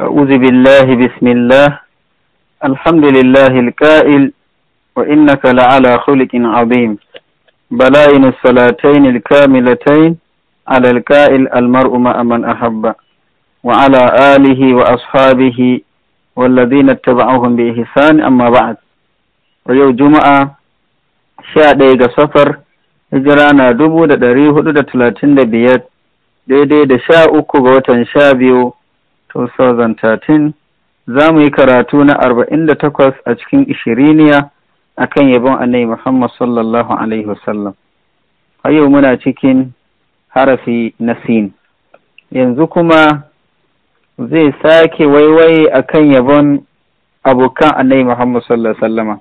أعوذ بالله بسم الله الحمد لله الكائل وإنك لعلى خلق عظيم بلائن الصلاتين الكاملتين على الكائل المرء مع من أحب وعلى آله وأصحابه والذين اتبعوهم بإحسان أما بعد ويوم جمعة sha ɗaya ga safar hijira na dubu da ɗari hudu da talatin da biyar daidai da sha uku ga watan sha biyu 2013 za mu yi karatu na 48 a cikin ishiriniya a kan yabon annai Muhammad sallallahu Alaihi wasallam. Har yau muna cikin harafi na sin. Yanzu kuma zai sake waiwaye a kan yabon abokan annai Muhammad sallallahu Alaihi wasallama.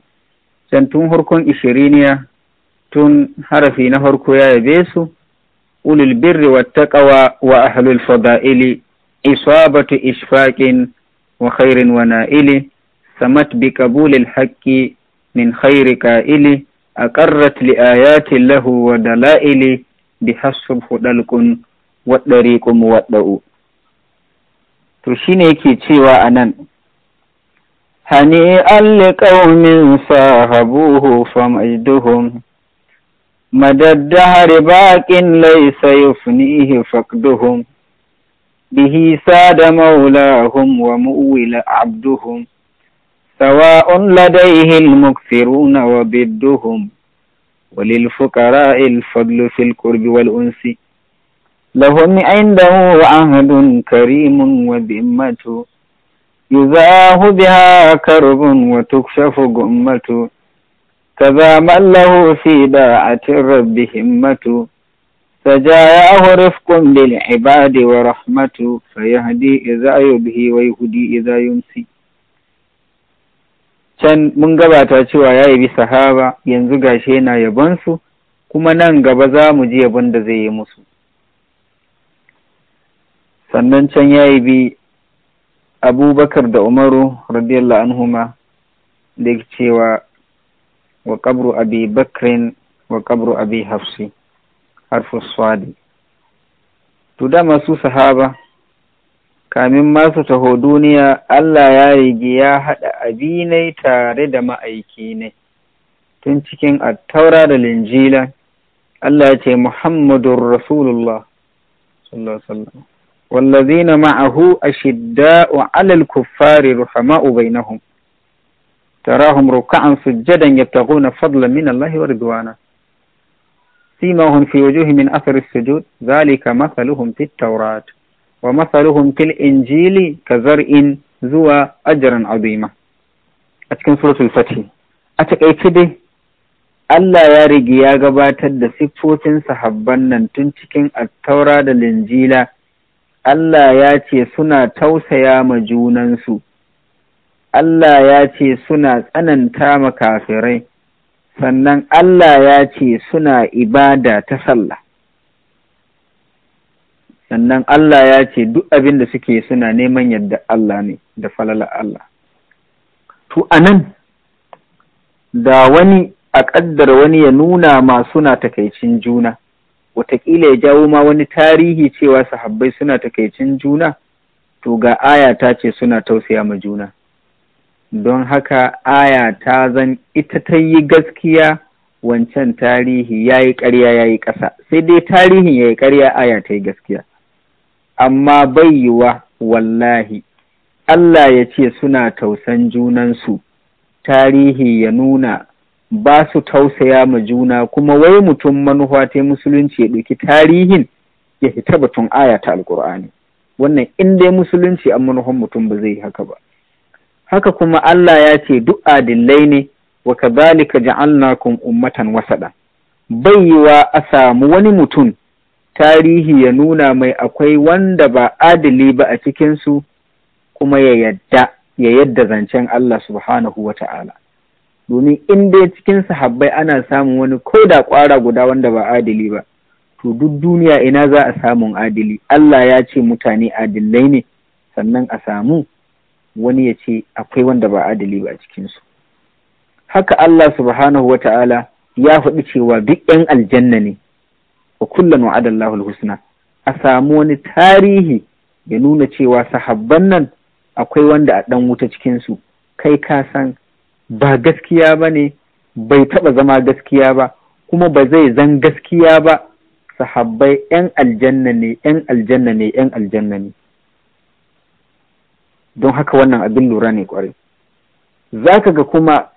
Can tun harkon ishiriniya tun harafi na harko ya yabe su, ulul birri wa taqawa wa ahlul fada'ili isabatu ishfaqin wa khairin wa na'ili samat bi qabulil haqqi min khairi ka'ili aqarrat li ayati lahu wa dalaili bi hasub hudalqun wa dariqum wadda'u to shine yake cewa anan hani alqaumin sahabuhu famajduhum مدى الدهر باق ليس يفنيه به ساد مولاهم ومؤول عبدهم سواء لديه المكثرون وبدهم وللفقراء الفضل في القرب والأنس لهم عنده عهد كريم وذمة يذاه بها كرب وتكشف قمة كذا من له في داعة الرب همته فجاءه رفق للعباد ورحمة فيهدي إذا يبهي ويهدي إذا يمسي can mun gabata cewa ya yabi sahaba yanzu gashe na yabonsu kuma nan gaba za mu ji yabon da zai yi musu sannan can ya yabi abubakar da umaru radiyallahu anhuma da cewa wa kabru abi bakrin wa kabru abi hafsi harfu swadi to dama sahaba kamin masu taho duniya Allah ya rige ya haɗa abinai tare da ma'aiki ne tun cikin attaura da linjila Allah ce Muhammadu Rasulullah wallazina ma'ahu ashidda'u 'alal kuffari ruhama'u bainahum tarahum ruk'an sujjadan yabtaghuna fadlan min Allah wa ridwana سيماهم في وجوه من أثر injili ذلك مثلهم في التوراة ومثلهم في الإنجيل كزرع ذو أجر عظيمة أتكن سورة الفتح أتكيتده Allah ya rigi ya gabatar da siffofin sahabban nan tun cikin attaura da linjila, Allah ya ce suna tausaya ma junansu, Allah ya ce suna tsananta ma kafirai, sannan Allah ya ce suna ibada ta sallah sannan Allah ya ce duk abin da suke suna neman yadda Allah ne da falala Allah to anan da wani a ƙaddar wani ya nuna ma suna takaicin juna wataƙila ya jawo ma wani tarihi cewa sahabbai suna takaicin juna to ga aya ta ce suna tausaya ma juna don haka aya ta zan ita ta yi gaskiya wancan tarihi ya yi ƙarya ya yi ƙasa sai dai tarihin ya yi ƙarya aya ta yi gaskiya amma wa wallahi Allah ya ce suna tausan junansu tarihi ya nuna ba su tausaya ma juna kuma wai mutum manuwa ta musulunci ya ɗauki tarihin ya fita batun aya ta alƙur'ani wannan in dai musulunci an manuhan mutum ba zai yi haka ba haka kuma Allah ya ce duk adillai ne wa kadhalika ja'alnakum ummatan wasada baiwa a samu wani mutum tarihi ya nuna mai akwai wanda ba adili ba a cikinsu kuma ya yadda ya yadda zancen Allah subhanahu wa ta'ala domin in dai cikin sahabbai ana samun wani ko da ƙwara guda wanda ba adili ba to duk duniya ina za a samun adili Allah ya ce mutane adillai ne sannan a samu wani ya ce akwai wanda ba adali ba a cikinsu haka Allah subhanahu wa ta'ala ya faɗi cewa duk ‘yan aljanna ne wa kullum wa'adallahu husna a samu wani tarihi ya nuna cewa sahabban nan akwai wanda a ɗan wuta cikinsu kai ka san ba gaskiya ba ne bai taɓa zama gaskiya ba kuma ba zai zan gaskiya ba sahabbai ‘yan aljanna ne ‘yan aljanna ne ‘yan aljanna ne don haka wannan abin lura ne kwarai za ka ga kuma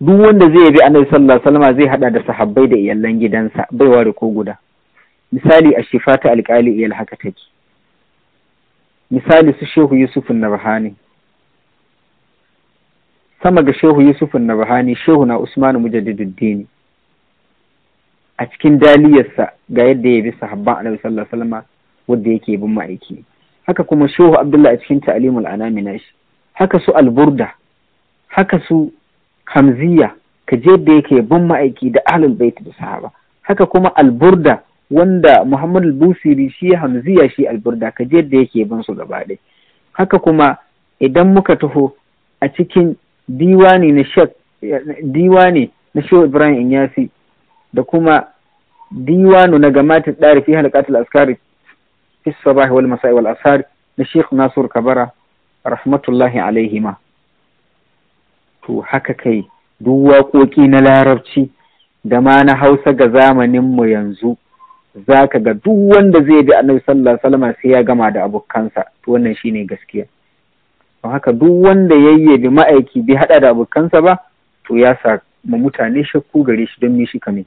duk wanda zai bi annabi sallallahu alaihi wasallam zai hada da sahabbai da iyalan gidansa bai ware ko guda misali a shifata alƙali iyal haka take misali su shehu yusufun nabahani sama ga shehu yusufun nabahani shehu na usmanu mujaddiduddini a cikin daliyarsa ga yadda ya bi sahabban annabi sallallahu alaihi wasallam wanda yake bin ma'aiki haka kuma shehu abdullah a cikin ta'alimul anami shi. haka su alburda haka su hamziya ka je da yake ban ma'aiki da ahlul bait da sahaba haka kuma alburda wanda muhammad al-busiri shi hamziya shi alburda ka je da yake ban su gaba ɗaya haka kuma idan muka taho a cikin diwani na shek diwani na shehu ibrahim inyasi da kuma diwanu na gamatin ɗari fi halakatul askari fi sabah wal masa'i wal asar na Sheikh Nasiru Kabara rahmatullahi alaihima to haka kai duk waƙoƙi na larabci da ma na Hausa ga zamanin mu yanzu zaka ga duk wanda zai bi Annabi sallallahu alaihi sai ya gama da abokansa to wannan shine gaskiya don haka duk wanda yayyabi ma'aiki bai haɗa da abokansa ba to ya sa ma mutane shakku gari shi don me shi sai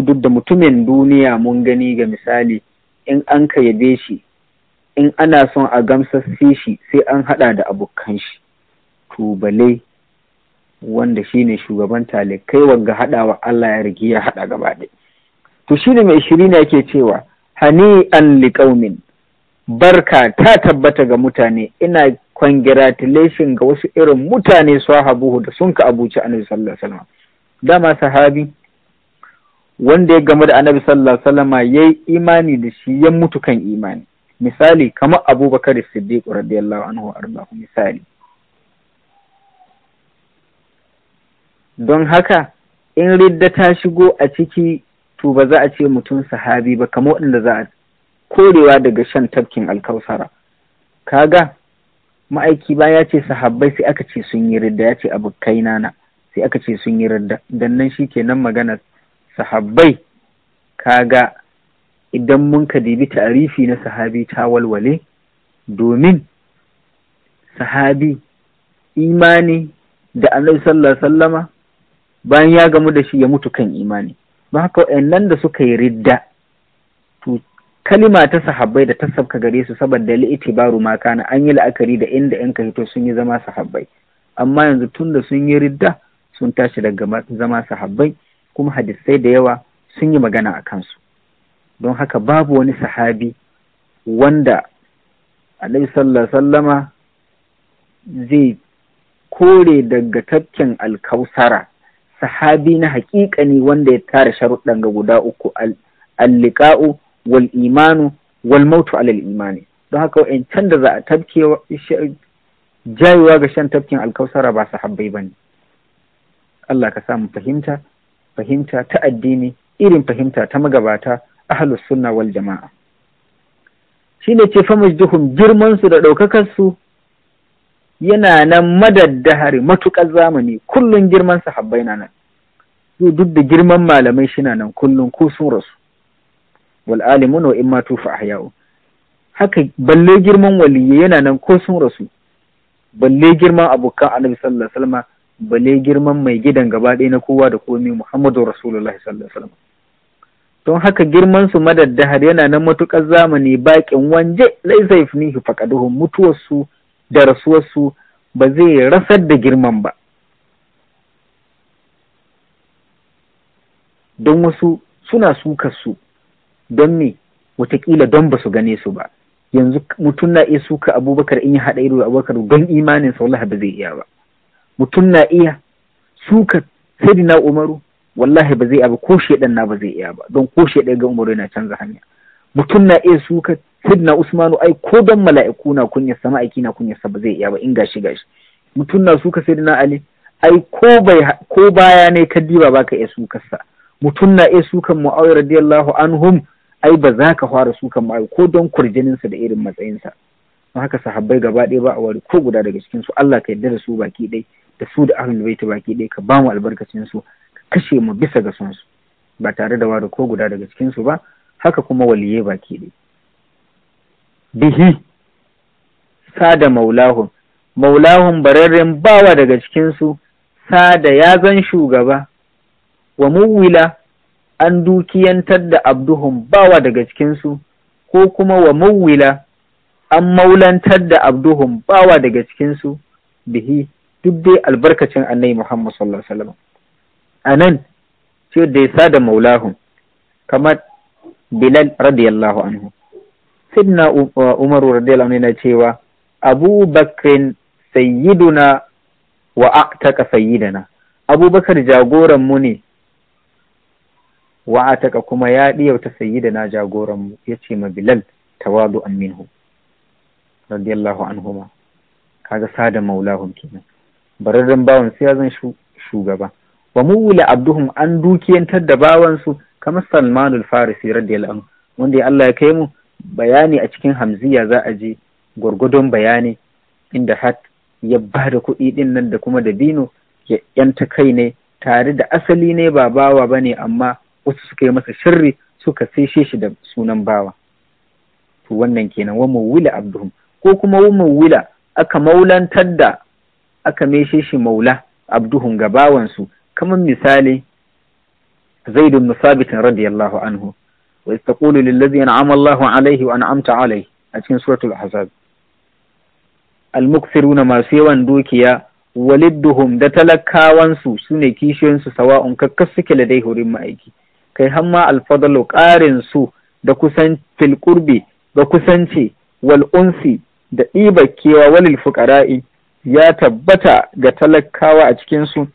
duk da mutumin duniya mun gani ga misali in an ka yabe shi in ana son a gamsasse shi sai an haɗa da abokan shi tubalai wanda shine shugaban talikai wanga haɗawa Allah ya rigi ya haɗa gaba To to shine mai shirina yake cewa hani an liƙaumin barka ta tabbata ga mutane ina congratulation ga wasu irin mutane sahabuhu da sun ka abuci annabi sallallahu alaihi wasallam dama sahabi wanda ya gamu da annabi sallallahu alaihi wasallama yayi imani da shi ya mutu kan imani misali kamar abubakar siddiq radiyallahu anhu ardahu misali don haka in ridda ta shigo a ciki to ba za a ce mutum sahabi ba kamar wanda za a korewa daga shan tafkin alkausara kaga ma'aiki ba ya ce sahabbai sai aka ce sun yi ridda ya ce abokai nana sai aka ce sun yi ridda dan nan nan magana sahabbai kaga idan mun ka dibi tarifi na sahabi ta walwale domin sahabi imani da annabi sallallahu sallama bayan ya gamu da shi ya mutu kan imani ba haka nan da suka yi ridda to kalima ta sahabbai da ta sabka gare su saboda itibaru ma kana an yi la'akari da inda yan hito sun yi zama sahabbai amma yanzu tun da sun yi ridda sun tashi daga zama sahabbai kuma hadisai da yawa sun yi magana a kansu don haka babu wani sahabi wanda alaihi sallallahu sallama zai kore daga tafkin alkausara sahabi na hakika ne wanda ya tara sharuɗan ga guda uku alliƙa'u wal imanu wal mautu alal imani don haka wa'ancan da za a tafke jayewa ga shan tafkin alkausara ba sahabbai ba ne Allah ka samu fahimta fahimta ta addini irin fahimta ta magabata ahlus sunna wal jama'a shine ce fa majduhum girman su da daukakar su yana nan hari matukar zamani kullun girman su habbaina nan su duk da girman malamai shina nan kullun ko sun rasu wal alimun wa imma tufa ahya'u haka balle girman waliyyi yana nan ko sun rasu balle girman abokan annabi sallallahu alaihi wasallam bale girman mai gidan gaba ɗaya na kowa da komai Muhammadu Rasulullahi sallallahu alaihi wasallam don haka girman su madaddahar yana nan matukar zamani bakin wanje zai fi nihi mutuwar mutuwarsu da rasuwarsu ba zai rasar da girman ba don wasu suna suka su don me watakila don ba su gane su ba yanzu mutum na iya suka abubakar in ya haɗa ido da abubakar don imanin Sa'ulah ba zai iya ba mutum na iya suka na umaru wallahi ba zai iya ba ko shedan na ba zai iya ba don ko shedan ga umaru yana canza hanya mutum na iya suka na usmanu ai ko don mala'iku na kunya sama aiki na kunya sa ba zai iya ba in gashi gashi mutum na suka na ali ai ko bai ko baya ne ka diba baka iya sukar sa mutum na iya sukan mu'awiyar radiyallahu anhum ai ba za ka fara sukan mu'awiyar ko don kurjininsa da irin matsayinsa haka sahabbai gaba ɗaya ba a wari ko guda daga cikinsu Allah ka yarda da su baki ɗaya da su da ahlul baiti baki ɗaya ka ba mu albarkacin su ka kashe mu bisa ga son su ba tare da ware ko guda daga cikin su ba haka kuma waliye baki ɗaya bihi sada maulahum maulahum bararren bawa daga cikin su sada ya zan shugaba wa muwila an dukiyantar da abduhum bawa daga cikin su ko kuma wa muwila an maulantar da abduhum bawa daga cikin su bihi duk dai albarkacin annabi Muhammad sallallahu alaihi wasallam anan shi da ya sada maulahu kamar Bilal radiyallahu anhu Sidna uh, Umar radiyallahu anhu cewa Abu Bakrin sayyiduna wa a'taka sayyidana Abubakar jagoran mu ne wa ataka kuma ya ta sayyidana jagoran mu yace ma Bilal tawadu minhu radiyallahu anhuma kaga sada maulahu kenan bararren bawan sai ya zan shugaba wa mu'ula abduhum an dukiyantar da bawansu kamar salmanul farisi radiyallahu anhu wanda ya Allah ya kai mu bayani a cikin hamziya za a je gwargwadon bayani inda hat ya ba da kuɗi ɗinnan nan da kuma da bino ya yanta kai ne tare da asali ne ba bawa ba ne amma wasu suka yi masa shirri suka sai shi da sunan bawa to wannan kenan wa mawwila abduhum ko kuma wa mawwila aka maulantar da aka meshe shi maula abduhun gabawansu kamar misali zaid ibn sabit radiyallahu anhu wa istaqulu lillazi an'ama Allahu alaihi wa an'amta alaihi a cikin suratul ahzab al-mukthiruna masu yawan dukiya walidduhum da talakawansu sune ne sawa'un kakkas suke da dai hurin ma'aiki kai hamma alfadalu ƙarin su da kusan filkurbi da kusanci wal unsi da ɗibar kewa walil fuqara'i ya tabbata ga talakawa a cikinsu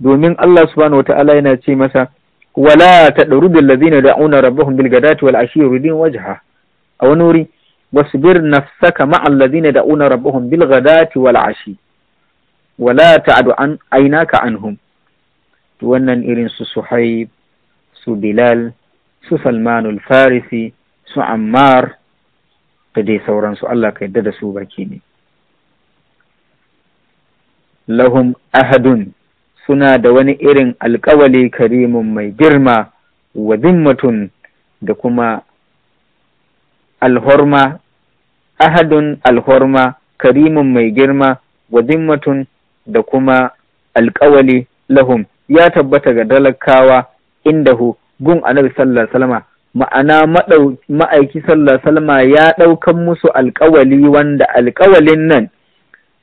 domin Allah subhanahu wa ta'ala yana ce masa wala da ladina da'una rabbahum bil ghadati wal ashi yuridun wajaha. a wani wuri wasbir nafsaka ma alladhina da'una rabbahum bil ghadati wal ashi wala ta'du an ainaka anhum to wannan irin su suhaib su bilal su salmanul farisi su ammar da dai sauransu Allah ka yadda da su baki ne lahum ahadun suna da wani irin alkawali karimun mai girma wa zimmatun da kuma alhorma ahadun alhorma karimun mai girma wa zimmatun da kuma alkawali lahum ya tabbata ga dalakawa inda hu gun annabi sallallahu alaihi ma'ana ma'aiki sallallahu salama ya ɗaukan musu alƙawali wanda alƙawalin nan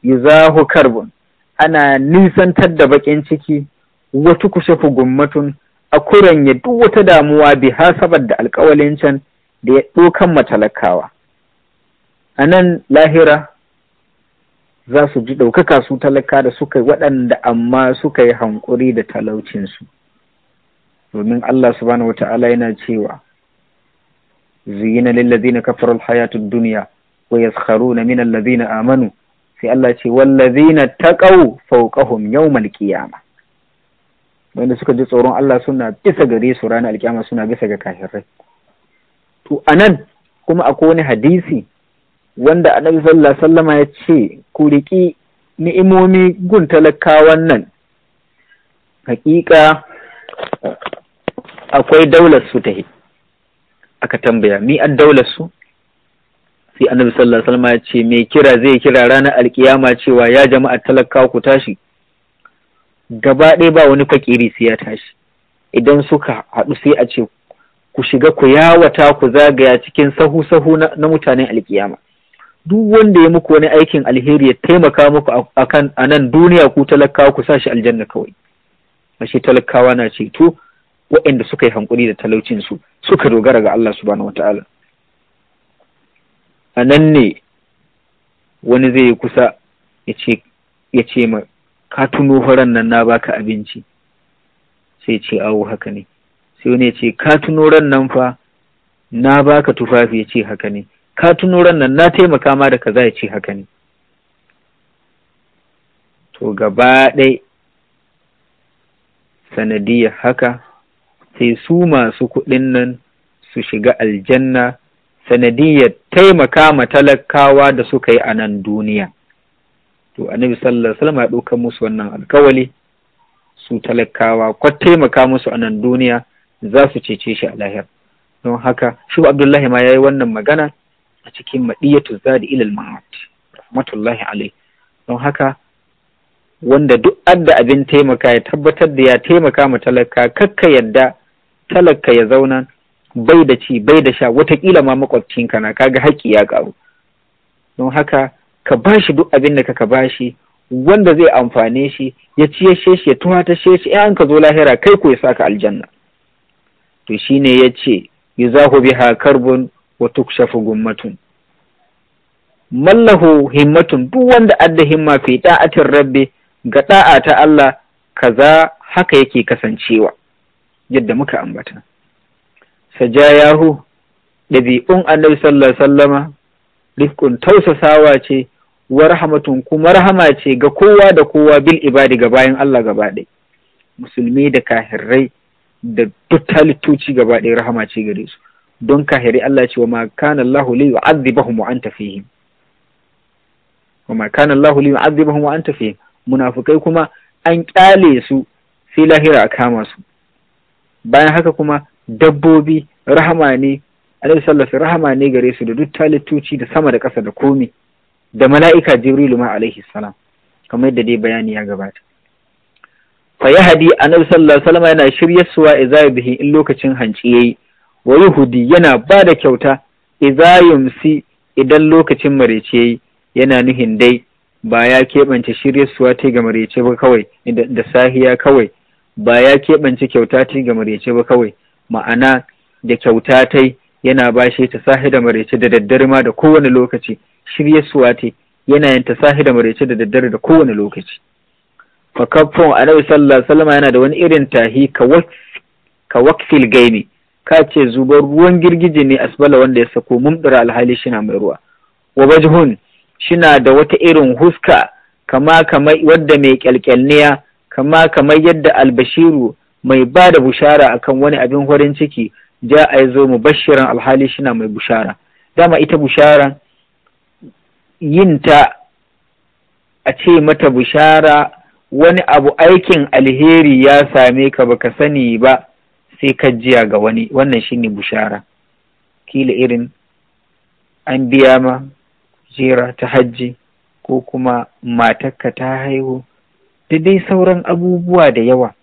yuzahu karbun ana nisantar da bakin ciki wata kushafu gummatun a ya duk wata damuwa bi hasabar da alkawalin can da ya ɗokan matalakawa a nan lahira za su ji ɗaukaka su talaka da suka yi waɗanda amma suka yi hankuri da talaucinsu domin Allah subhanahu ta'ala yana cewa zuyina lillazina kafarul hayatud duniya wa yaskharuna minan allazina amanu sai Allah ce wallazina taqaw fawqahum yawmal qiyamah wanda suka ji tsoron Allah suna bisa gare su ranar alkiyama suna bisa ga kafirai to anan kuma akwai wani hadisi wanda annabi sallallahu alaihi wasallama ya ce ku riki ni'imomi gun talakawan nan hakika akwai daular su ta aka tambaya mi an daular su sai annabi sallallahu alaihi wasallam ya ce me kira zai kira ranar alkiyama cewa ya jama'a talaka ku tashi gaba ɗaya ba wani fakiri sai ya tashi idan suka haɗu sai a ce ku shiga ku yawata ku zagaya cikin sahu sahu na mutanen alkiyama duk wanda ya muku wani aikin alheri ya taimaka muku akan a nan duniya ku talakawa ku sashi aljanna kawai ashe talakawa na ceto waɗanda suka yi hankuri da talaucin su suka dogara ga Allah subhanahu wataala a nan ne wani zai yi kusa ya ce ma ka tuno ran nan na baka abinci sai ce awo haka ne sai wani ya ce ka tuno ran nan fa na baka tufafi ya ce haka ne ka tuno ran nan na taimaka ma da kaza ya ce haka ne to gaba ɗai sanadiyar haka sai su masu kuɗin nan su shiga aljanna sanadiyar taimaka ma talakawa da suka yi a nan duniya to annabi sallallahu alaihi wasallam ya ɗaukar musu wannan alkawali su talakawa kwa taimaka musu a nan duniya za su cece shi a lahir don haka shi abdullahi ma ya yi wannan magana a cikin Maɗiyatu, zadi ilal ma'at rahmatullahi alai don haka wanda duk adda abin taimaka ya tabbatar da ya taimaka ma talaka kakka yadda talaka ya zauna bai da ci bai da sha watakila ma makwabcinka na kaga haƙƙi ya ƙaru don haka ka bashi duk abin da ka shi wanda zai amfane shi ya ya sheshi, ya tuhatashe sheshi, in ka zo lahira kai ko ya sa ka aljanna to shine ya ce hakar biha karbun wa tukshafu gummatun mallahu himmatun duk wanda adda himma fi da'atin rabbi ga da'a ta Allah kaza haka yake kasancewa yadda muka ambata sajayahu ɗabi'un annabi sallallahu alaihi sallama rifkun tausasawa ce wa rahmatun kuma rahama ce ga kowa da kowa bil ibadi ga bayan Allah gaba ɗaya musulmi da kahirrai da duk halittoci gaba ɗaya rahama ce gare su don kahirai Allah ce wa ma kana Allahu li yu'adhibahum wa anta fihim wa ma kana Allahu li yu'adhibahum wa anta fihim munafikai kuma an kyale su sai lahira a kama su bayan haka kuma dabbobi rahama ne alaihi rahama ne gare su da duk talittoci da sama da ƙasa da komi da mala'ika jibrilu ma alaihi salam kamar yadda dai bayani ya gabata fa hadi annabi sallallahu alaihi wasallam yana suwa idza bihi in lokacin hanci yayi wa yuhudi yana ba da kyauta idza yumsi idan lokacin marece yayi yana nuhin dai ba ya keɓance suwa ta ga marece ba kawai da sahiya kawai ba ya keɓance kyauta ta ga marece ba kawai ma'ana da kyauta tai yana shi ta sahi da maraice da daddare ma da kowane lokaci shirye suwa te yana yin ta sahi da maraice da daddare da kowane lokaci kafin annabi sallallahu alaihi yana da wani irin tahi ka wakfil gaini ka ce zubar ruwan girgije ne asbala wanda ya sako mumdura alhali shina mai ruwa wa bajhun shina da wata irin huska kama kama wadda mai kyalkyalniya kama kama yadda albashiru mai ba da bushara akan wani abin farin ciki ja a zo mu bashiran alhali shina mai bushara dama ita bushara yin ta a ce mata bushara wani abu aikin alheri ya same ka baka sani ba sai ka jiya ga wani wannan shine bushara kila irin an biya ma jera ta hajji ko kuma matakka ta haihu da dai sauran abubuwa da yawa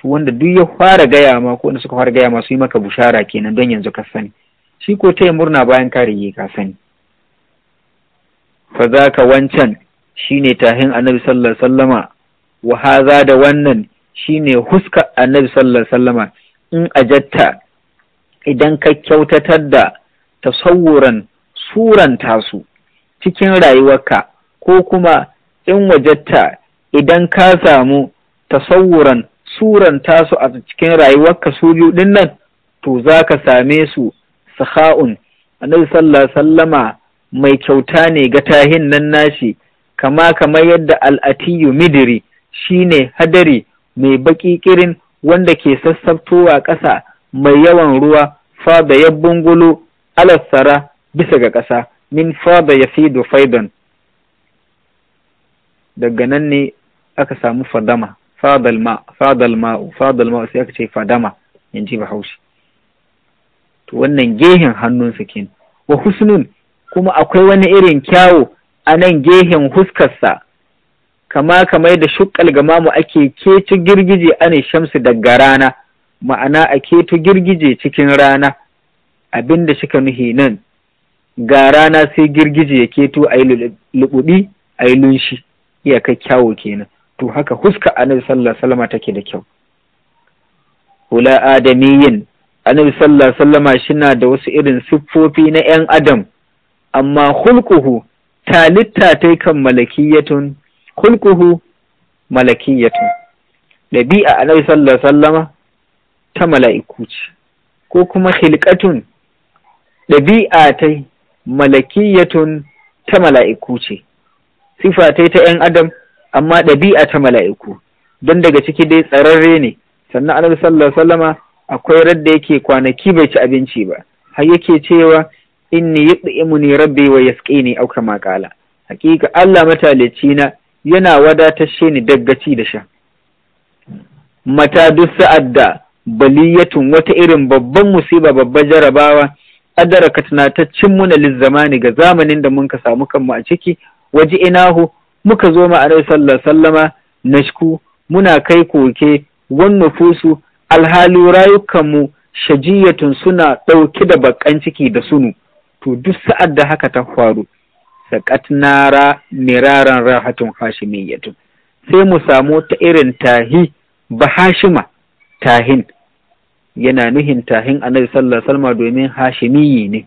to wanda duk ya fara gaya ma ko wanda suka fara gaya ma su yi maka bushara kenan don yanzu ka sani shi ko taya murna bayan ka rige ka sani fa za ka wancan shine tahin annabi sallallahu alaihi wasallama wa haza da wannan shine huska annabi sallallahu alaihi wasallama in ajatta idan ka kyautatar da tasawuran suranta su cikin rayuwarka ko kuma in wajatta idan ka samu tasawuran suranta su a cikin rayuwarka su biyu din nan to za ka same su saha'un annabi sallallahu sallama mai kyauta ne ga tahin nan nashi kama kama yadda al'atiyu midiri shine hadari mai baki kirin wanda ke sassabtowa ƙasa mai yawan ruwa fada ya bungulo alassara bisa ga ƙasa min fada ya fi faidan daga nan ne aka samu fadama fadal ma fadal ma fadal ma sai aka ce fadama in ji bahaushe to wannan gehen hannunsa kin wa husnun kuma akwai wani irin kyawu a nan gehen huskarsa kama kamar da shukkal gamamu ake keci girgije ane shamsu daga rana ma'ana a keto girgije cikin rana abin da shika nuhi nan ga rana sai girgije ya keto a yi lubuɗi a yi lunshi iyakar kyawo kenan to haka huska annabi sallallahu alaihi wasallama take da kyau hula adamiyin annabi sallallahu alaihi wasallama shina da wasu irin siffofi na yan adam amma hulquhu talitta tai kan malakiyatun hulquhu malakiyatun dabi'a annabi sallallahu alaihi wasallama ta mala'iku ce ko kuma hilkatun ɗabi'a tai malakiyatun ta mala'iku ce sifa tai ta ‘yan adam amma ɗabi'a ta mala'iku don daga ciki dai tsararre ne sannan annabi sallallahu sallama akwai radda yake kwanaki bai ci abinci ba har yake cewa inni yut'imuni rabbi wa yasqini au kama qala hakika Allah matalici na yana shi ni daggaci da sha mata duk sa'ad da baliyatun wata irin babban musiba babban jarabawa adaraka tunataccin muna lizzamani ga zamanin da mun ka samu kanmu a ciki waje inahu muka zo ma alaihi sallallahu sallama shiku. muna kai koke wan nufusu alhali rayukanmu shajiyatun suna ɗauke da baƙan ciki da sunu to duk sa'ad da haka ta faru saƙat nara miraran rahatun hashimiyyatun sai mu samu ta irin tahi bahashima tahin yana nuhin tahin annabi sallallahu alaihi domin hashimiyi ne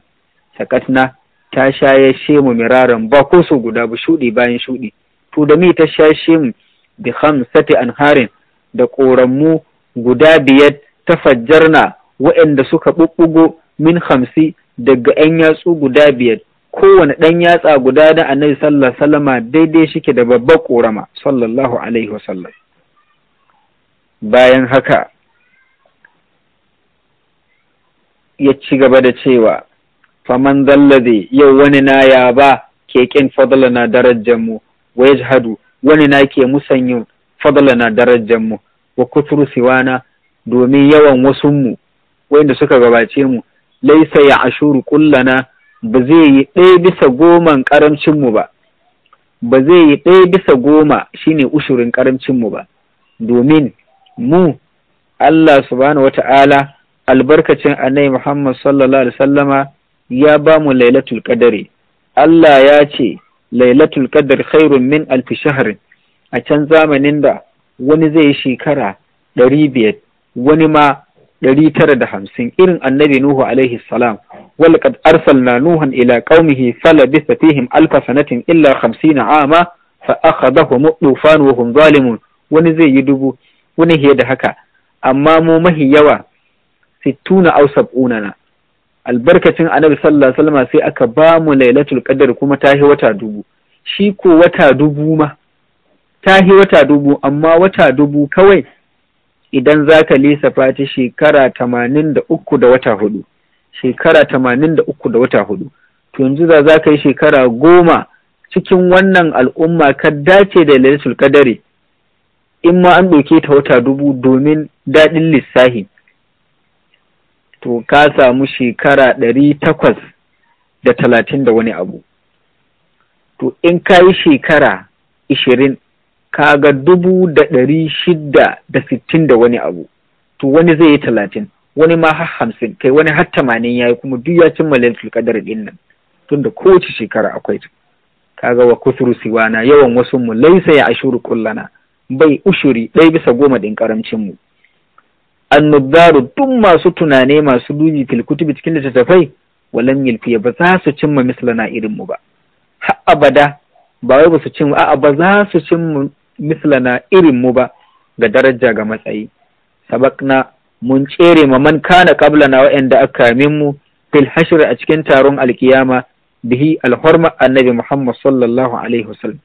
sakatna ta shayashe shemu miraran ba ko su guda ba shudi bayan shuɗi. to da mi ta shashe mu bi khamsati anharin da ƙoranmu guda biyar ta fajjarna waɗanda suka ɓuɓɓugo min hamsi daga 'yan yatsu guda biyar kowane ɗan yatsa guda da annabi sallallahu wasallama daidai shike da babbar ƙorama sallallahu alaihi wasallam bayan haka ya ci gaba da cewa faman zallade yau wani na ya ba keken fadlana darajar mu wa yajhadu wani na ke musanyin fadlana mu wa kuturu siwana domin yawan wasu-nmu. mu wanda suka gabace mu laisa ya ashuru kullana ba zai yi ɗaya bisa karamcin mu ba ba zai yi ɗaya bisa goma shine ushurin karamcin mu ba domin mu Allah subhanahu wata'ala albarkacin annabi Muhammad sallallahu alaihi sallama ya ba mu lailatul qadari Allah ya ce lailatul qadr khairun min alf shahrin a can zamanin da wani zai yi shekara ɗari biyar wani ma ɗari tara da hamsin irin annabi nuhu alaihi salam wal qad arsalna nuhan ila qaumihi falabitha fihim alfa sanatin illa khamsina ama fa akhadahum tufan wa hum zalimun wani zai yi dubu wani hiye da haka amma mu mahi yawa sittuna aw sab'una na albarkacin annabi sallallahu alaihi wasallam sai aka ba mu lailatul qadar kuma ta yi wata dubu shi ko wata dubu ma ta yi wata dubu amma wata dubu kawai idan zaka ka lissafa ta shekara tamanin da wata hudu shekara tamanin da wata hudu to yanzu za za ka yi shekara goma cikin wannan al'umma ka dace da lailatul qadari in ma an ɗauke ta wata dubu domin daɗin lissahi to ka samu shekara ɗari takwas da talatin da wani abu to in ka yi shekara ishirin ka ga dubu da ɗari shidda da sittin da wani abu to wani zai yi talatin wani ma har hamsin kai wani har tamanin ya yi kuma duk ya cimma lailatul kadar ɗin nan tunda kowace shekara akwai ta. Ka ga wa kusuru siwana yawan wasu mu laisa ya ashuru kullana bai ushuri ɗaya bisa goma ɗin karamcin mu annubdaru duk masu tunane masu duji filkutu cikin littattafai walam yilfiya ba za su cimma mislana irin mu ba har abada ba wai ba su cimma a'a ba za su cimma mislana irin mu ba ga daraja ga matsayi sabakna mun tsere ma man kana na wa'anda aka min mu fil hashr a cikin taron alkiyama bihi alhurma annabi Muhammad sallallahu alaihi wasallam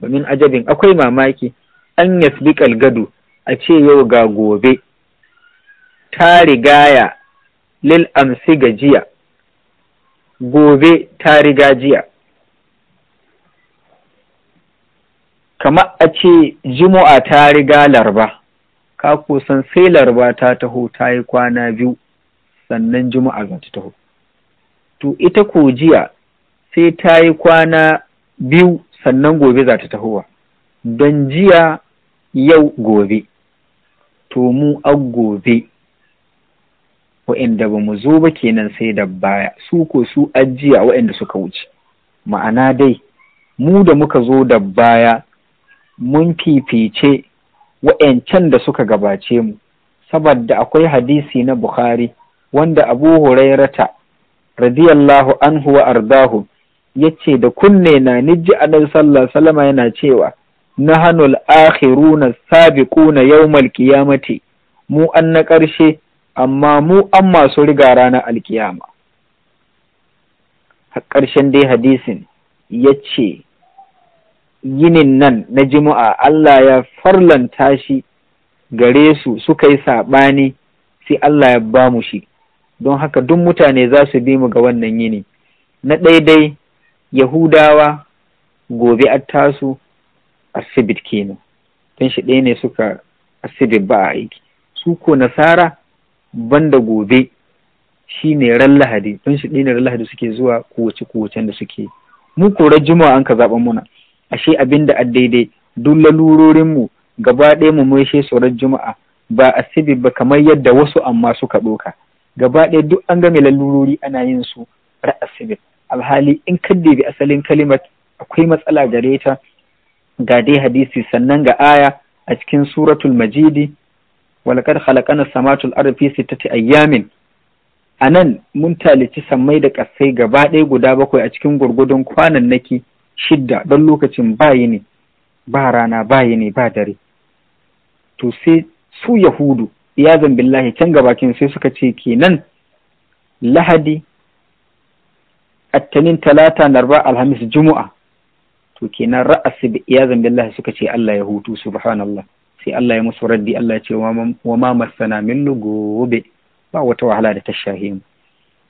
domin ajabin akwai mamaki an yasbiqal gado a ce yau ga gobe ta rigaya lil amsi gajiya gobe ta riga jiya kamar a ce jimu'a ta riga larba ka kusan sai larba ta taho ta yi kwana biyu sannan jimu'a za ta taho to ita ko jiya sai ta yi kwana biyu sannan gobe za ta tahowa don jiya yau gobe to mu a gobe wa'inda ba mu zo ba kenan sai da baya su ko su ajiya wa'inda suka wuce ma'ana dai mu da muka zo da baya mun fifice wa'yancan da suka gabace mu saboda akwai hadisi na bukhari wanda abu hurairata radiyallahu anhu wa ardahu ya ce da kunne na niji annabi sallallahu salama yana cewa na hannun akhiruna sabiquna yawmal qiyamati mu an na ƙarshe amma mu an masu riga ranar alkiyama a ƙarshen dai hadisin ya ce yinin nan na jimu'a Allah ya farlanta shi gare su suka yi saɓani sai Allah ya ba mu shi don haka duk mutane za su bi mu ga wannan yini na ɗaiɗai yahudawa gobe a tasu asibit kenan don shi ɗaya ne suka asibit ba a aiki su ko nasara banda gobe shi ne ran lahadi don shi ne ran lahadi suke zuwa kowace kowace da suke mu kora juma'a an ka zaɓa muna ashe abin da daidai duk lalurorin mu gaba ɗaya mu maishe sauran juma'a ba asibi ba kamar yadda wasu amma suka ɗoka gaba ɗaya duk an game lalurori ana yin su ra'asibin alhali in kadde bi asalin kalimat akwai matsala gare ta ga dai hadisi sannan ga aya a cikin suratul majidi walakar halakana samatul arfi sittati ayyamin a nan mun talici sammai da ƙasai gaba ɗaya guda bakwai a cikin gurgudun kwanan naki shidda don lokacin bayi ne ba rana bayi ne ba dare to sai su yahudu iyazan billahi can gabakin sai suka ce kenan lahadi attanin talata narba alhamis juma'a to kenan ra'asi iyazan billahi suka ce Allah ya hutu subhanallah sai Allah ya musu raddi Allah ya ce wa ma masana min lugube ba wata wahala da ta shahe mu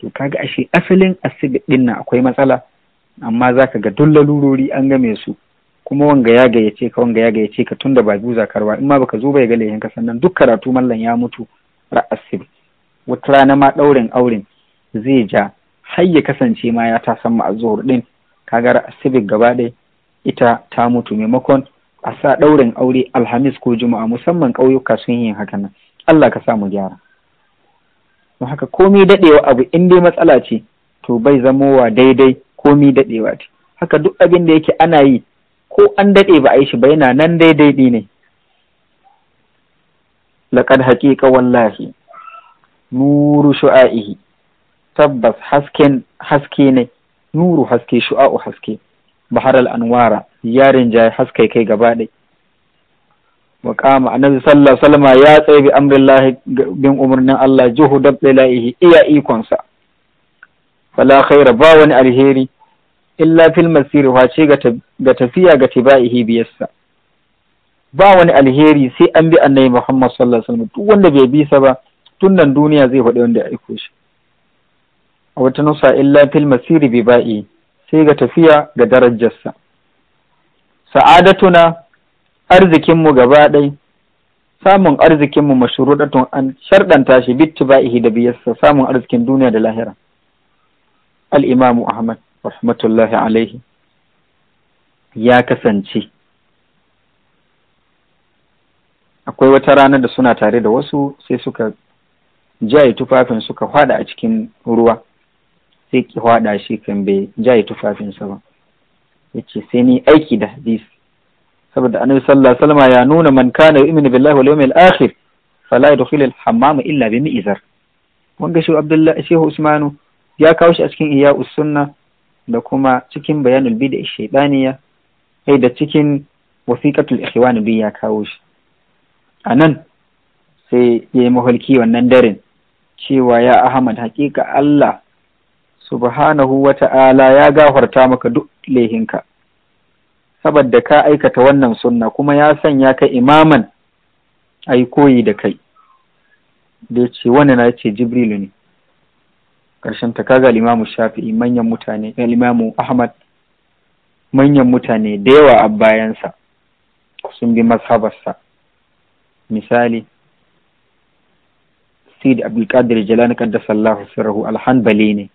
to kaga ashe asalin asibit din nan akwai matsala amma zaka ga dulla lurori an game su kuma wanga ya gayyace ka wanga ya gayyace ka tunda ba buza karwa in ma baka zo bai ga lehen ka sannan duk karatu mallan ya mutu ra'asib wata rana ma daurin auren zai ja har ya kasance ma ya ta san ma'azur din kaga ra'asib gaba ɗaya ita ta mutu maimakon a sa ɗaurin aure alhamis ko juma'a musamman ƙauyuka sun yi haka nan Allah ka sa gyara don haka komai daɗewa abu in dai matsala ce to bai zamowa daidai komai daɗewa ce haka duk abin da yake ana yi ko an daɗe ba a yi shi ba yana nan daidai ne laƙad haƙiƙa wallahi nuru shu'a'ihi tabbas hasken haske ne nuru haske shu'a'u haske bahar anwara. Yarin rinjaye haske kai gaba ɗai wa kama annabi sallallahu alaihi ya tsaye bi amrillahi bin umarnin Allah juhu dabdilaihi iya ikonsa fala khaira ba wani alheri illa fil masiri wace ga tafiya ga tibaihi biyarsa ba wani alheri sai an bi annabi Muhammad sallallahu alaihi wasallam duk wanda bai bi sa ba tun nan duniya zai faɗi wanda ya aiko shi a wata nusa illa fil masiri bi ba'i sai ga tafiya ga darajarsa sa'adatuna arzikinmu gaba ɗai samun arzikinmu mashruɗatun an sharɗanta shi bittiba'ihi da biyarsa samun arzikin duniya da lahira Al’imamu ahmad rahmatullahi alaihi ya kasance akwai wata rana da suna tare da wasu sai suka jaye tufafin suka hwada a cikin ruwa sai ki hwada shi kan bai jaye tufafinsa ba yace sai ni aiki da hadisi saboda annabi sallallahu alaihi wasallam ya nuna man kana yu'minu billahi wal yawmil akhir fala yadkhulu al hammam illa bi mi'zar wanda shi abdullahi shehu usmanu ya kawo shi a cikin iya sunna da kuma cikin bayanul bid'a shaydaniya sai eh, da cikin wasiqatul ikhwan bi ya kawo shi anan sai yayi mahalki wannan daren cewa ya ahmad haƙiƙa Allah subhanahu wa ta'ala ya gafarta maka duk lehinka saboda ka aikata wannan sunna kuma ya sanya ka imaman a yi koyi da kai da ya ce wani na ce Jibril ne ƙarshen ta kaga limamu shafi'i manyan mutane eh, limamu ahmad manyan mutane da yawa a bayansa sun bi mazhabarsa misali Sid Abdulkadir Jalani Kaddasallahu Sirrahu Alhanbali ne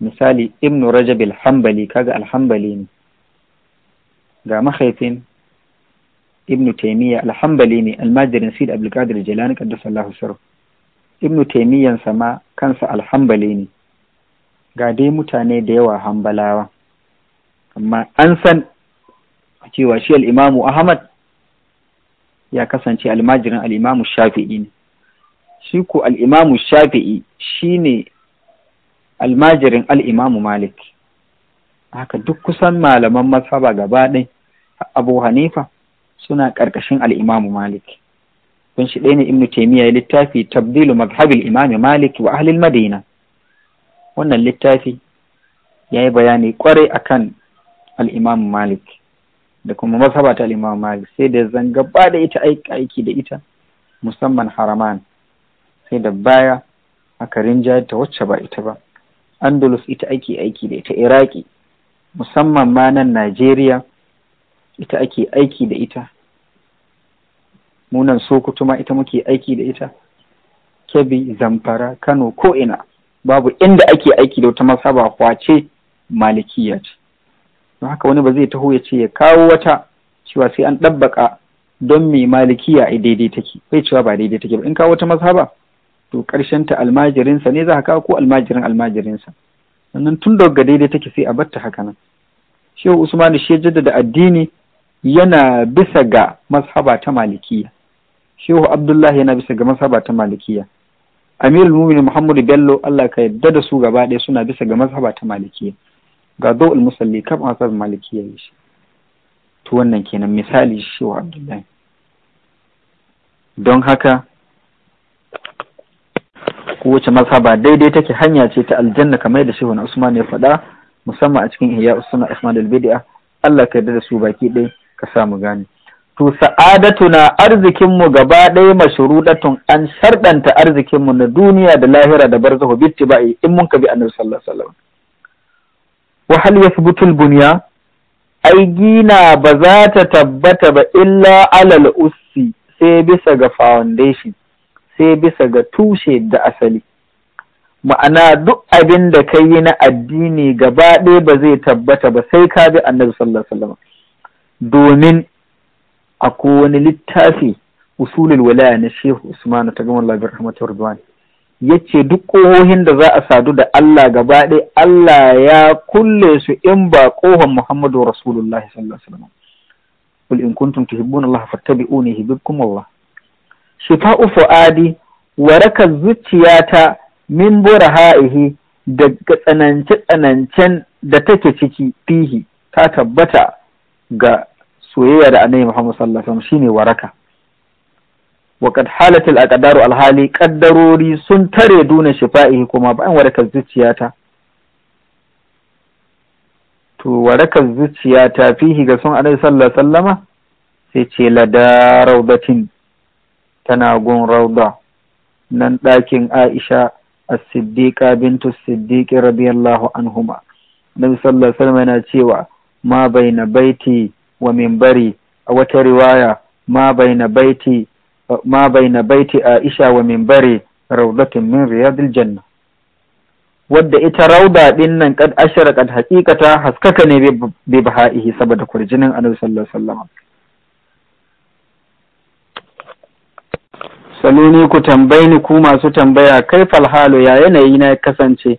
misali Ibnu rajab al kaga alhambali ne ga mahaifin Ibnu Taimiyya alhambali ne almajirin sid abdulkadir jilani allahu sirru Ibnu Taimiyyan sama kansa alhambali ne ga dai mutane da yawa hambalawa amma an san cewa shi al'imamu ahmad ya kasance almajirin al'imamu shafi'i ne shi ko al-imamu shafi'i ne almajirin al'imamu malik haka duk kusan malaman masaba gaba ɗai abu hanifa suna ƙarƙashin al'imamu malik kun shi ɗaya ne ibnu taimiyya ya littafi tabdilu mazhabil imami malik wa ahlil madina wannan littafi ya yi bayani kwarai akan al'imamu malik da kuma masaba ta al'imamu malik sai da zan gaba da ita aiki da ita musamman haraman sai da baya aka rinjayar ta wacce ba ita ba andalus ita ake aiki da ita iraki musamman ma nan najeriya ita ake aiki da ita munan sokoto ma ita muke aiki da ita kebbi zamfara kano ko ina babu inda ake aiki da wata masaba kwace malikiya ce don haka wani ba zai taho ya ce ya kawo wata cewa sai an ɗabbaka don mai malikiya a daidai take bai cewa ba daidai take ba in kawo wata masaba to ƙarshen ta almajirinsa ne za ka ko almajirin almajirinsa sannan tun daga daidai take sai a batta haka nan shehu Usman shi jaddada addini yana bisa ga mazhaba ta malikiya shehu abdullahi yana bisa ga mazhaba ta malikiya amirul mu'minin muhammadu bello allah ka yadda da su gaba ɗaya suna bisa ga mazhaba ta malikiya ga dawul musalli kan mazhab malikiya ya shi to wannan kenan misali shehu abdullahi don haka kowace mazhaba daidai take hanya ce ta aljanna kamar da shehu usman ya faɗa musamman a cikin ihya usman ismail Al-Bidia? Allah ka yarda da su baki ɗaya ka samu gane to sa'adatuna mu gaba ɗaya mashrudatun an sharɗanta mu na duniya da lahira da barzahu bittiba'i in mun ka bi annabi sallallahu alaihi wasallam wa hal yathbutu al-bunya ai gina ba za ta tabbata ba illa alal ussi sai bisa ga foundation sai bisa ga tushe da asali ma'ana duk abin da ka yi na addini gaba ɗaya ba zai tabbata ba sai ka bi annabi sallallahu alaihi wasallam domin akwai wani littafi usulul walaya na shehu Usman ta gama labar rahmatu ya ce duk ƙohohin da za a sadu da allah gaba ɗaya allah ya kulle su in ba ƙohon muhammadu rasulullah sallallahu alaihi wasallam قل إن كنتم تحبون الله فاتبعوني yuhibbukum allah shifa'u fu'adi warakar zuciyata min haihi daga tsanance-tsanancen da take ciki fihi ta tabbata ga soyayya da annabi Muhammad sallallahu alaihi wasallam shine waraka wa qad alhali ƙaddarori sun tare duna shifa'ihi kuma bayan warakar zuciyata to warakar zuciyata, fihi ga sun alaihi sallallahu alaihi sai ce lada raudatin tana gun rauda nan ɗakin aisha as-siddiqa bintu siddiqi radiyallahu anhuma nabi sallallahu alaihi wasallam yana cewa ma baina baiti wa minbari a wata riwaya ma baina baiti ma baina baiti aisha wa minbari raudatun min riyadil janna wadda ita rauda din nan kad ashara kad haqiqata haskaka ne bi bahaihi saboda kurjinin annabi sallallahu alaihi wasallam saluni ku tambayi ni ku masu tambaya kai falhalo ya yanayi na kasance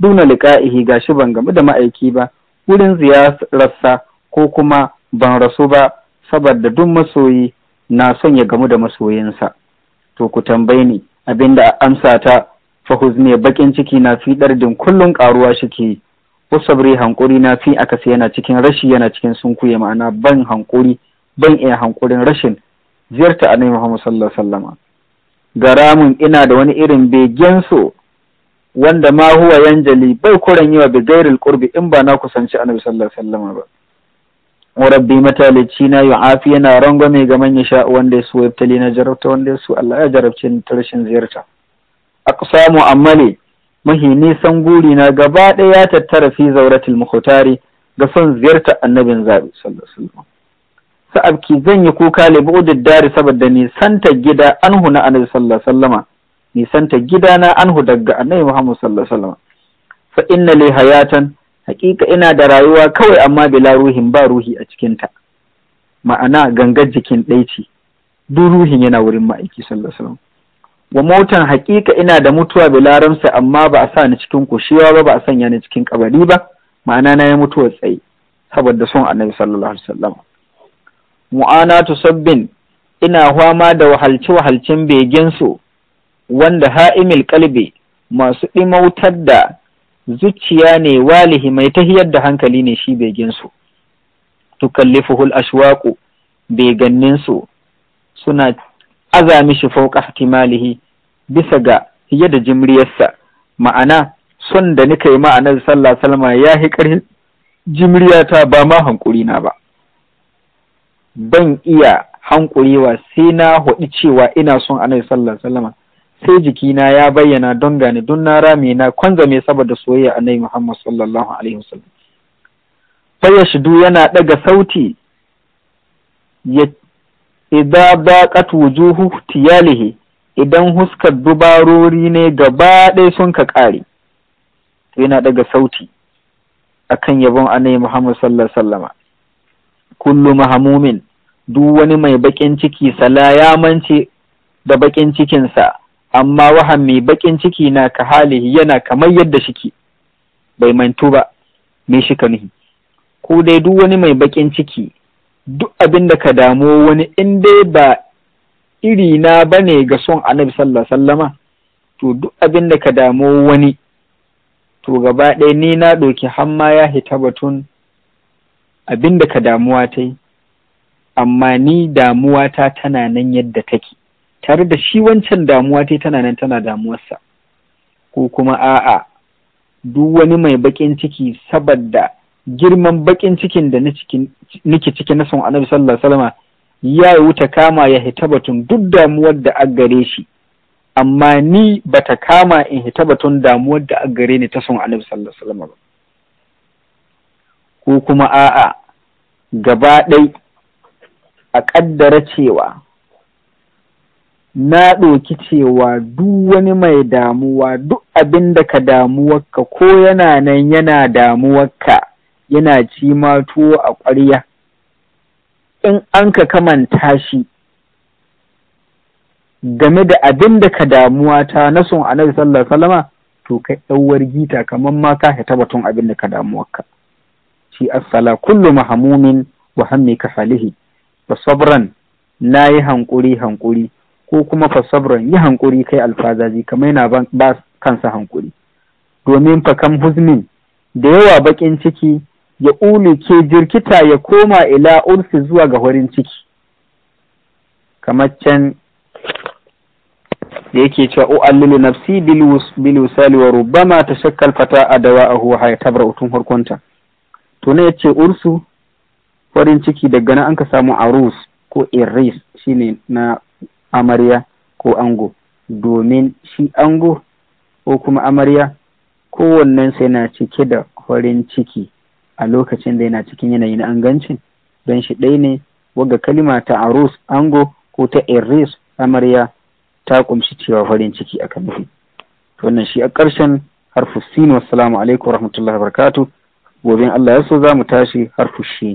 duna ga shi ban gamu da ma'aiki ba wurin ziyararsa ko kuma ban rasu ba saboda duk masoyi na son ya gamu da masoyinsa to ku tambayi ni abinda amsa ta fahuz ne bakin ciki na fi dardin kullun karuwa shike usabri hankuri na fi akasi yana cikin rashi yana cikin sunkuye ma'ana ban hankuri ban iya hankurin rashin ziyarta annabi Muhammad sallallahu alaihi wasallam garamun ina da wani irin begen so wanda ma huwa yanjali bai kuran yi bi gairil qurbi in ba na kusanci annabi sallallahu alaihi wasallam ba wa rabbi matalici na yu'afi yana rangwame ga manya sha wanda ya so yabtali na jarabta wanda ya Allah ya jarabce ni ta rashin ziyarta aqsamu amali mahi nisan guri na gaba ɗaya ya tattara fi zauratul mukhtari ga son ziyarta annabin zabi sallallahu alaihi wasallam sa'abki zan yi kuka li bu'udid dari saboda nisanta gida anhu na annabi sallallahu alaihi wasallama nisanta gida na anhu daga annabi Muhammad sallallahu alaihi wasallama fa inna li hayatan haqiqa ina da rayuwa kawai amma bila ruhin ba ruhi a cikinta ma'ana gangar jikin ɗai ce duk ruhin yana wurin ma'aiki sallallahu alaihi wa motan haƙiƙa ina da mutuwa bila ramsa amma ba a sa ni cikin kushewa ba ba a sanya ni cikin kabari ba ma'ana na ya mutuwa tsaye saboda son annabi sallallahu alaihi wasallam mu'anatu sabbin ina fama da wahalce-wahalcen begensu wanda ha'imil kalbi masu ɗimautar da zuciya ne walihi mai tahiyar da hankali ne shi begensu tukallifuhul ashwaqu beganninsu suna azami shi fauka ihtimalihi bisa ga yadda da jimriyarsa ma'ana son da nika yi ma'anar sallah salma ya hi ƙarhin jimriyata ba ma hankuri na ba ban iya hankurewa sai na haɗi cewa ina son annabi sallallahu alaihi sai jikina ya bayyana don gane don na rame na kwanzame saboda soyayya annabi Muhammad sallallahu alaihi wasallam fa shidu yana daga sauti ya idza baqat wujuhu tiyalihi idan huskar dubarori ne gaba ɗaya sun ka ƙare to yana daga sauti akan yabon annabi Muhammad sallallahu alaihi wasallam kullu duk wani mai baƙin ciki sala ya mance da baƙin cikinsa amma wahan mai baƙin ciki na ka halihi yana kamar yadda shike bai mantu ba me shi nuhi ko dai duk wani mai baƙin ciki duk abin da ka damu wani in dai ba iri na bane ga son annabi sallallahu alaihi wasallama to duk abin da ka damu wani to gaba ɗaya ni na ɗauki hamma ya hita batun abin da ka damuwa ta yi amma ni damuwata tana nan yadda take tare da shi wancan damuwa ta tana nan tana damuwarsa ko kuma a'a duk wani mai baƙin ciki saboda girman baƙin cikin da nake ciki na son annabi sallallahu alaihi ya wuta kama ya hita batun duk damuwar da an gare shi amma ni bata kama in hita batun damuwar da an gare ni ta son annabi sallallahu alaihi ba ko kuma a'a gaba ɗaya a ƙaddara cewa na ɗoki cewa duk wani mai damuwa duk abin da ka damuwarka ko yana nan yana damuwarka yana ci ma a ƙwarya in an ka kamanta shi game da abin da ka damuwa ta na sun annabi sallallahu alaihi wasallama to kai ɗauwar gita kamar ma ka ta batun abin da ka damuwarka shi assala kullu mahamumin wa hammi ka salihi fasabran na yi hankuri hankuri ko kuma fasabran yi hankuri kai alfazazi kamar yana ba kansa hankuri domin fa fakam huzmin da yawa bakin ciki ya ulu ke jirkita ya koma ila ulfi zuwa ga horin ciki kamar can da yake cewa allilu nafsi bil wasali wa rubbama shakkal fata a huwa haya hayatabar utun harkonta to ne ce ursu farin ciki daga nan an ka samu arus ko iris shine na amarya ko ango domin shi ango ko kuma amarya sai na cike da farin ciki a lokacin da yana cikin yanayi na angancin don shi ɗai ne waga kalima ta arus ango ko ta iris amarya ta kumshi cewa farin ciki aka nufi wannan shi a ƙarshen harfu sin wassalamu alaikum warahmatullahi wabarakatuh gobe Allah ya so za mu tashi harfu shi